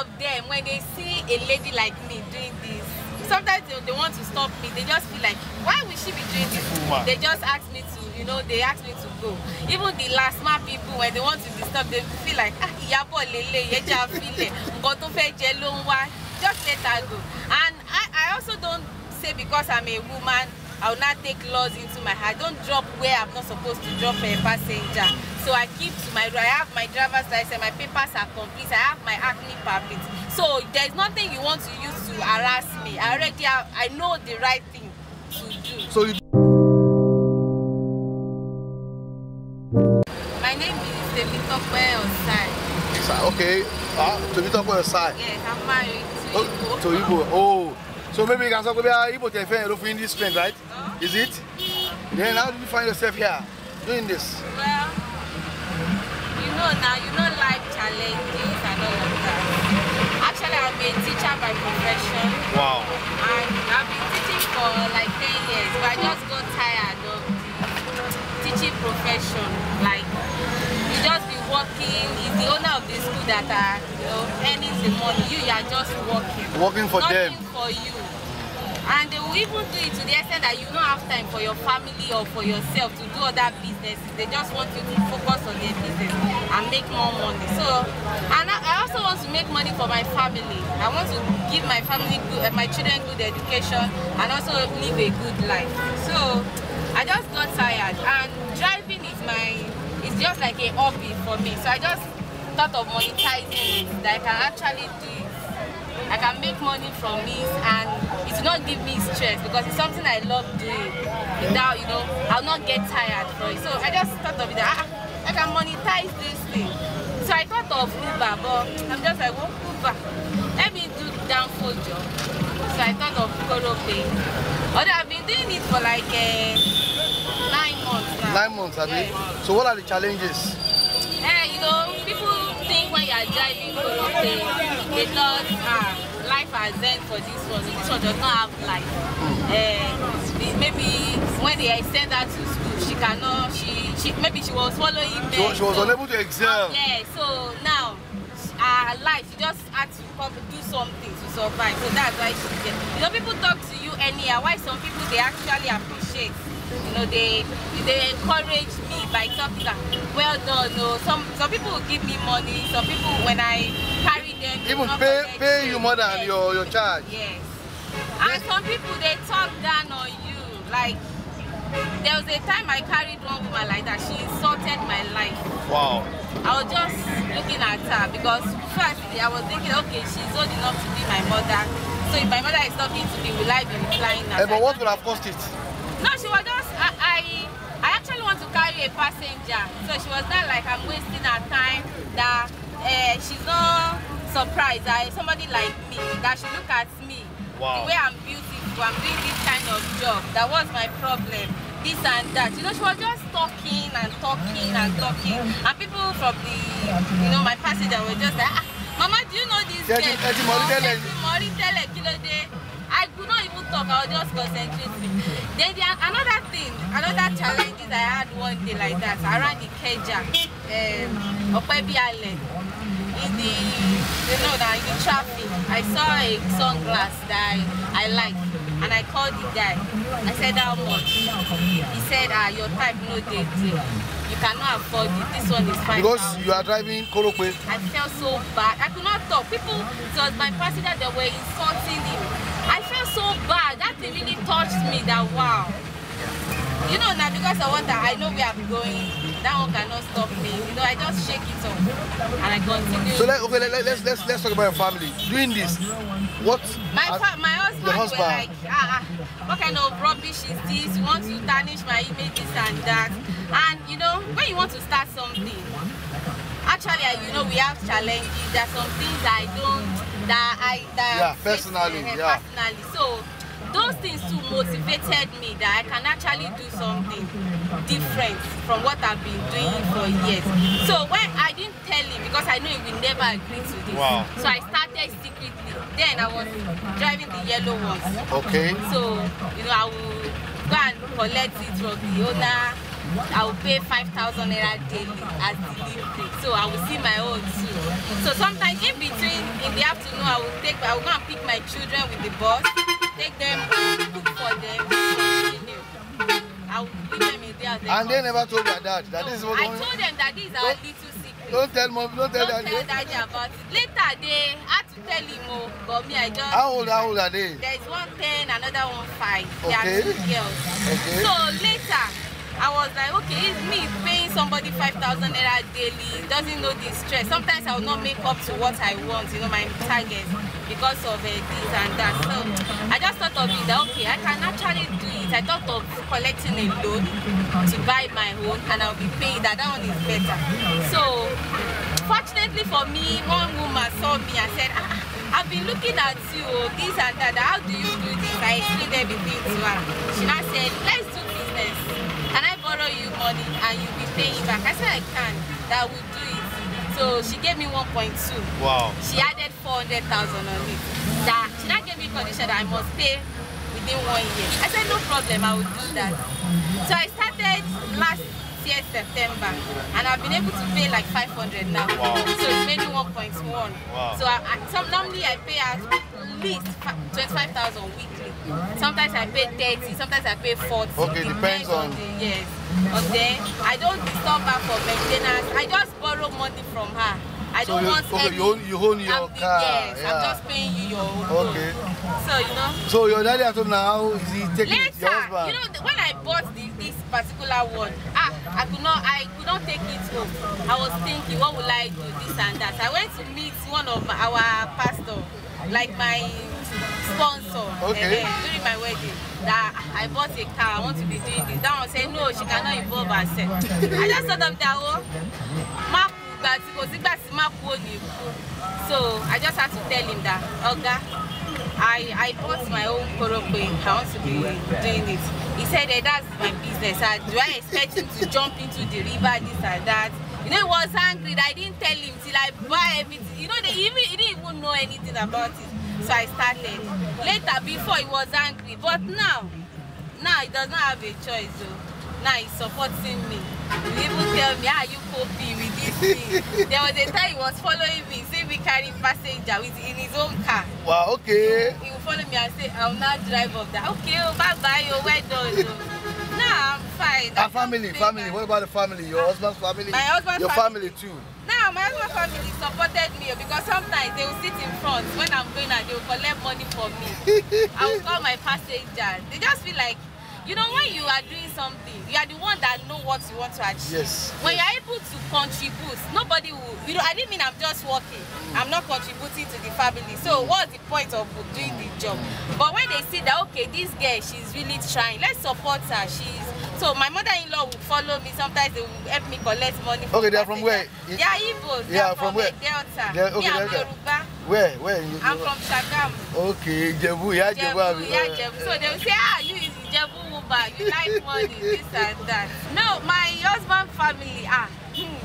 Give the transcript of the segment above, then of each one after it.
of them when they see a lady like me doing this sometimes they, they want to stop me they just feel like why will she be doing this they just ask me to you know they ask me to go even the last man people when they want to disturb they feel like ah ìyàbọ̀ lele ìyẹ́jà filẹ̀ nǹkan tó fẹ́ jẹ ló just let her go and I, I also don't say because I'm a woman I will not take laws into my heart. I don't drop where I'm not supposed to drop a passenger. So I keep to my, I have my driver's license, my papers are complete, I have my acne permit. So there's nothing you want to use to harass me. I already have, I know the right thing to do. So you My name is Temitope Osai. Okay, uh, Temitope Osai. Yes, I'm married to oh, Igbo. Oh, to Igbo. Oh. So maybe you can talk about Igbo Tefe Elofu in this strength, right? Oh. Is it? Then how do you find yourself here doing this? Well, you know now, you know life challenges and all of that. Actually, I'm a teacher by profession. Wow. And I've been teaching for like 10 years, but I just got tired of teaching profession. Like, you just be working. It's the owner of the school that are, uh, you know, earning the money. You, you are just working. Working for Nothing them. for you and they will even do it to the extent that you don't have time for your family or for yourself to do other businesses they just want you to focus on their business and make more money so and I, also want to make money for my family I want to give my family good, uh, my children good education and also live a good life so I just got tired and driving is my it's just like a hobby for me so I just thought of monetizing it that I can actually do it I can make money from this, and it will not give me stress because it's something I love doing without, you know, I'll not get tired from it. So I just thought of it, ah, I can monetize this thing. So I thought of Uber, but I'm just like, what Uber? Let me do downfall job. So I thought of Koro Pay. Although I've been doing it for like uh, nine months now. Nine months, have yeah. you? So what are the challenges? Hey, eh, you know, people when you are driving follow say the Lord ah life has end for this one this one does not have life uh, maybe when they send her to school she cannot she she maybe she was following them so she was so, unable to excel yeah so now her life she just had to come do something to survive so that's why she get you know people talk to you anyhow why some people they actually appreciate you know they they encourage me by talking that well done no oh, some some people will give me money some people when i carry them even pay pay you more than yes. your your charge yes and some people they talk down on you like there was a time i carried one woman like that she insulted my life wow i was just looking at her because first i was thinking okay she's old enough to be my mother so if my mother is talking to me will i be replying at hey, eh, but what would have cost it no she was just carry, I actually want to carry a passenger. So she was not like, I'm wasting her time, that uh, she's not surprised that somebody like me, that she look at me, wow. the way I'm beautiful, I'm doing this kind of job, that was my problem, this and that. You know, she was just talking and talking and talking. And people from the, you know, my passenger were just like, ah, Mama, do you know this girl? Ẹ̀jẹ̀ mọ̀rí tẹ́lẹ̀ talk, I'll just concentrate. Then the, another thing, another challenge is I had one day like that around the Keja, um, Island. In the, you know, that in traffic, I saw a sunglass that I, I like. And I called the guy. I said, how much? He said, ah, your type no date. You cannot afford it. This one is fine. Because now. you are driving Korope. I felt so bad. I could not talk. People, it was my passenger, they were insulting him so bad. That really touched me that wow. You know now because of what I, know where I'm going. That one cannot stop me. You know, I just shake it off and I continue. So let, okay, let, let's let's let's talk about your family. Doing this, what? My fa- my husband, husband. were like, ah, ah, what kind of rubbish is this? You want to tarnish my image, and that. And you know, when you want to start something, actually, you know, we have challenges. There are some things I don't that I that yeah, personally, eh, yeah. personally. So those things too motivated me that I can actually do something different from what I've been doing for years. So when I didn't tell him because I know he will never agree to this. Wow. So I started secretly. Then I was driving the yellow ones. Okay. So, you know, I will go and collect it from the owner I will pay 5,000 naira daily as delivery. So I will see my own too. So sometimes in between, in the afternoon, I will take, I will go and pick my children with the bus, take them, cook for them, I will leave them in there. and they never told their dad that no, this is what I only... told them that this is our don't, little secret. Don't tell mom, don't tell don't daddy. Don't tell daddy about it. Later they had to tell him, oh, but me, I just. How old, how old are they? There's one 10, another one 5. They are two girls. Okay. So later. I was like, okay, it's me paying somebody 5,000 naira daily, doesn't know the stress. Sometimes I will not make up to what I want, you know, my targets because of uh, this and that. So I just thought of it that, okay, I can actually do it. I thought of collecting a loan to buy my own and I'll be paid that. That one is better. So fortunately for me, one woman saw me and said, ah, I've been looking at you, oh, this and that. How do you do this? I explained everything to her. She now said, let's borrow you money and you'll be paying back. I said I can. That will do it. So she gave me 1.2. Wow. She added 400,000 on it. That she now gave me condition that I must pay within one year. I said no problem, I will do that. So I started last year September and I've been able to pay like 500 now. Wow. So remaining 1.1. Wow. So I, I, so normally I pay at least 25,000 weekly. Sometimes I pay 30, sometimes I pay 40. Okay, depends, depends on, on the, yes. Okay, I don't disturb her for maintenance. I just borrow money from her. I so don't want okay, any. You own, you own your I'm, car. Yes, yeah. I'm just paying you your own. Okay. So you know. So your daddy at home now is he taking Later, your husband? you know, when I bought the, this particular one, ah, I could not, I could not take it home. I was thinking, what will I do, this and that. I went to meet one of our pastor, like my sponsor okay. uh, during my wedding that I bought a car, I want to be doing this. That one said, no, she cannot involve herself. I just thought of that, one. Oh, Mark, because it was Mark only. So I just had to tell him that, Oga, I, I bought my own Korope, I want to be doing it. He said, that that's my business. I, do I expect him to jump into the river, this and that? You know, he was angry that I didn't tell him till I buy everything. You know, they even, he didn't even know anything about it so I started. Later, before he was angry, but now, now he does not have a choice though. Now he's supporting me. He even tell me, how are you coping with this thing? there was a time he was following me, say me carrying passenger with, in his own car. Wow, okay. He, he will follow me and say, I will not drive up there." Okay, oh, bye-bye, oh, well done, you. Oh. Nah, I'm fine. And family, family. What about the family? Your uh, husband's family? My husband's Your family, family too. Now, my husband family supported me because sometimes they will sit in front when I'm going and they will collect money for me. I will call my passenger. They just feel like, you know, when you are doing something, you are the one that know what you want to achieve. Yes. When yes. you are able to contribute, nobody will, you know, I didn't mean I'm just working. I'm not contributing to the family. So what's the point of doing the job? But when they see that, okay, this girl, she's really trying. Let's support her. She's So my mother-in-law will follow me. Sometimes they will help me collect money. okay, they are from where? They are Igbo. They yeah, are from, from where? Delta. They, okay, me, I'm Delta. Yoruba. Where? Where? You, I'm from Shagam. Okay, Jebu. Yeah, Jebu. Jebu yeah, Jebu. So they will say, ah, you is Jebu Uba. You like money, this and that. No, my husband family, ah, hmm.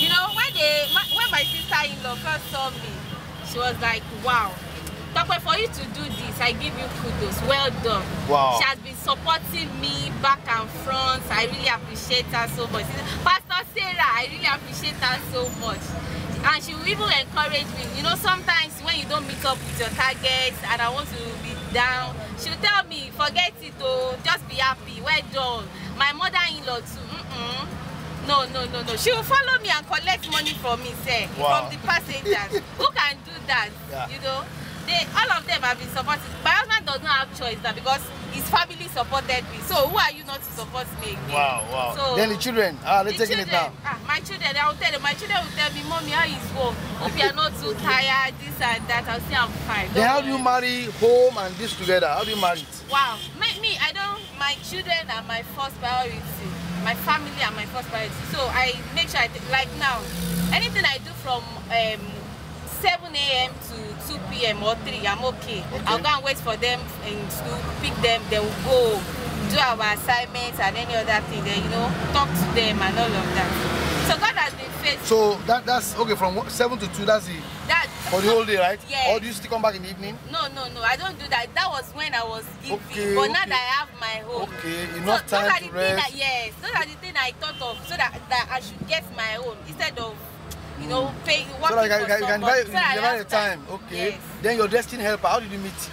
You know, when, they, my, when my sister-in-law first saw me, she was like, wow. Tokwe, for you to do this, I give you kudos. Well done. Wow. She has been supporting me back and front. I really appreciate her so much. Pastor Sarah, I really appreciate her so much. And she will even encourage me. You know, sometimes when you don't meet up with your targets and I want to be down, she'll tell me, forget it, oh, just be happy. Well done. My mother-in-law too. Mm -mm. No, no, no, no. She will follow me and collect money from me, sir. Wow. From the passengers. Who can do that? Yeah. You know? they all of them have been supporting my husband does not have choice that because his family supported me so who are you not to support me again wow wow so then the children ah let's take it now ah my children i will tell them my children will tell me mommy how is home hope you are not too tired this and that i'll say i'm fine then how do you marry home and this together how do you marry it wow me, me i don't my children are my first priority my family are my first priority so i make sure I, like now anything i do from um 7 a.m. to 2 p.m. or 3, I'm okay. okay. I'll go and wait for them in school, pick them, then we'll go do our assignments and any other thing, then, you know, talk to them and all of that. So God has been faithful. So that, that's okay from 7 to 2, that's it. that, for the whole day, right? Yeah. Or do you still come back in the evening? No, no, no, I don't do that. That was when I was giving. Okay, but okay. now that I have my home. Okay, enough so, time to rest. That, yes, those are the things I thought of so that, that I should get my own instead of you know, pay what so like you, can, you can buy, you buy the time. time. Okay. Yes. Then your destined helper, how did you meet?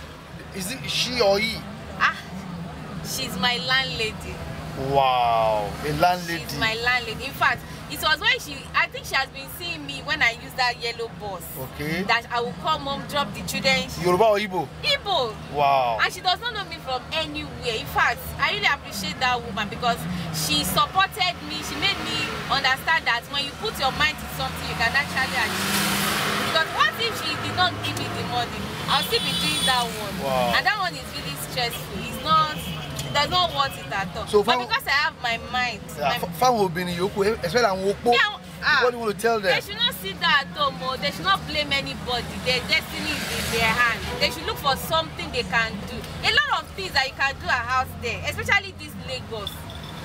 Is it she or he? Ah, she's my landlady. Wow, a landlady. She's my landlady. In fact, It was when she, I think she has been seeing me when I use that yellow bus. Okay. That I will call mom, drop the children. Yoruba or Igbo? Igbo. Wow. And she does not know me from anywhere. In fact, I really appreciate that woman because she supported me. She made me understand that when you put your mind to something, you can actually achieve. Because what if she did not give me the money? I'll still be doing that one. Wow. And that one is really stressful. It's not does not want it at all. So but because I have my mind. Fáwọn obìnrin yòókù especially àwọn opó. Ah. What do you want to tell them? They should not see that at all. Oh. They should not blame anybody. Their destiny is in their hands. They should look for something they can do. A lot of things that you can do at house there, especially this Lagos.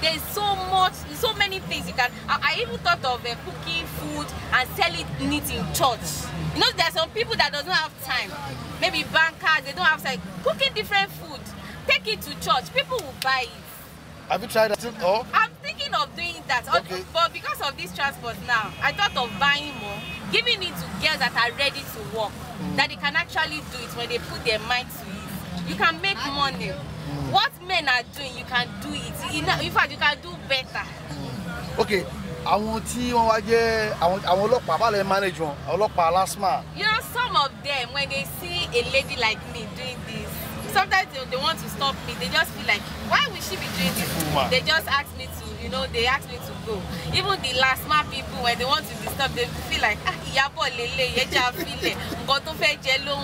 There's so much, so many things you can. I, I even thought of uh, cooking food and selling it in church. You know, there are some people that does have time. Maybe bankers, they don't have time. Cooking different food. Take it to church. People will buy it. Have you tried that? Oh, I'm thinking of doing that. Okay. But because of this transport now, I thought of buying more, giving it to girls that are ready to work, mm. that they can actually do it when they put their mind to it. You can make money. Mm. What men are doing, you can do it. In fact, you can do better. Mm. Okay, àwọn tí wọ́n wá jẹ́ àwọn àwọn ọlọ́pàá I want to wọn ọlọ́pàá alasma. you know some of them when they see a lady like me doing this sometimes they, they want to stop me. They just feel like, why would she be doing this? They just ask me to, you know, they ask me to go. Even the last man people, when they want to disturb, they feel like, ah, Ìyábọ̀ lélẹ̀, ẹja fílẹ̀, nǹkan tó fẹ́ jẹ ló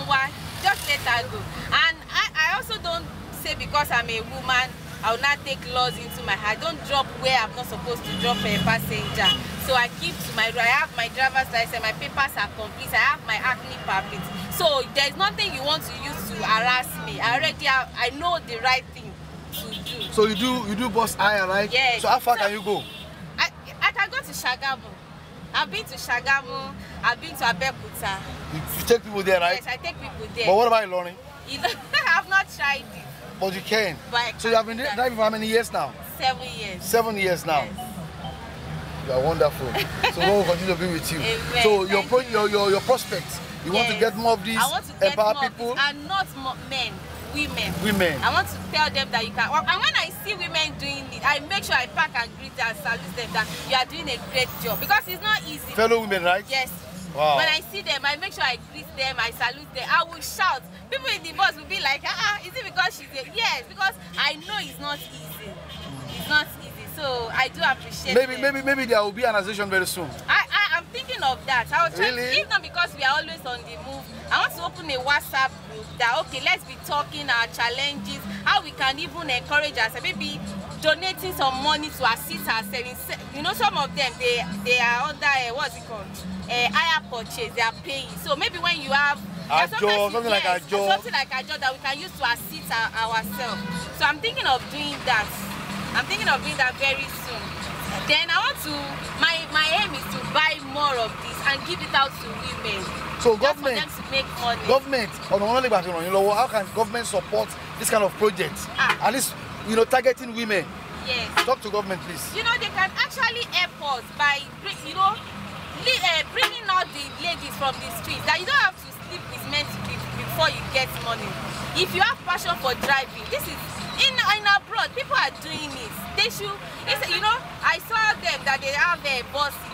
Just let her go. And I, I also don't say because I'm a woman, I will not take laws into my heart. I don't drop where I'm not supposed to drop a passenger. So I keep to my, I have my driver's license, my papers are complete, I have my acne permit. So there's nothing you want to use to harass me. I already have, I know the right thing to do. So you do you do boss hire, right? Yeah. So how far so, can you go? I I can go to Shagamu. I've been to Shagamu. I've been to Abeokuta. You, you take people there, right? Yes, I take people there. But what about Ilorin? I've not tried it. But you can. But so you have been driving for how many years now? Seven years. Seven years now. Yes. You are wonderful. so God will continue to be with you. Amen. So your, pro you. your your your prospects You yes. want to get more of these I want to get empower more people? And not men, women. Women. I want to tell them that you can. And when I see women doing it, I make sure I pack and greet and salute them that you are doing a great job because it's not easy. Fellow women, right? Yes. Wow. When I see them, I make sure I greet them, I salute them, I will shout. People in the bus will be like, ah, is it because she's there? Yes, because I know it's not easy. It's not easy. So I do appreciate Maybe, maybe, maybe there will be an association very soon. I, thinking of that. I'll try really? To, if not because we are always on the move, I want to open a WhatsApp group that okay, let's be talking our challenges, how we can even encourage us, maybe donating some money to assist ourselves. You know, some of them they they are under uh, what's it called? Uh, higher purchase, they are paying. So maybe when you have a job, something yes, like a job, something like a job that we can use to assist our, ourselves. So I'm thinking of doing that. I'm thinking of doing that very soon. Then I want to, my, my aim is to buy more of this and give it out to women. So Just government, for them to make money. government, ọ̀nà wọn lè gbà how can government support this kind of project? Ah. At least, you know, targeting women. Yes. Talk to government, please. You know, they can actually help us by, you know, uh, bringing out the ladies from the streets that you don't have to sleep with men before you get money. If you have passion for driving, this is in in abroad people are doing it they should it's, you know i saw them that they have uh, buses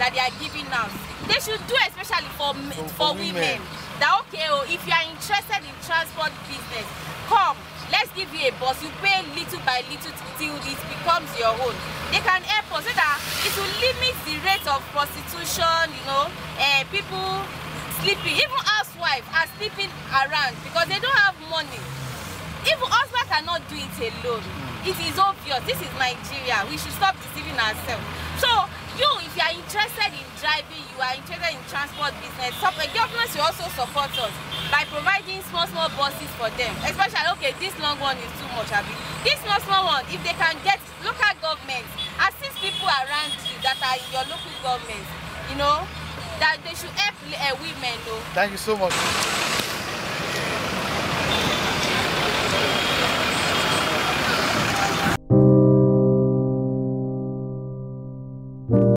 that they are giving out they should do especially for for, for women. women that okay oh if you are interested in transport business come let's give you a bus you pay little by little till it becomes your own they can help us so that it will limit the rate of prostitution you know uh, people sleeping even housewives are sleeping around because they don't have money even husband cannot do it alone it is obvious this is nigeria we should stop deceiving ourselves so you if you are interested in driving you are interested in transport business so the eh, government should also support us by providing small small buses for them especially okay this long one is too much abi this small small one if they can get local government assist people around you that are in your local government you know that they should help uh, women though. thank you so much.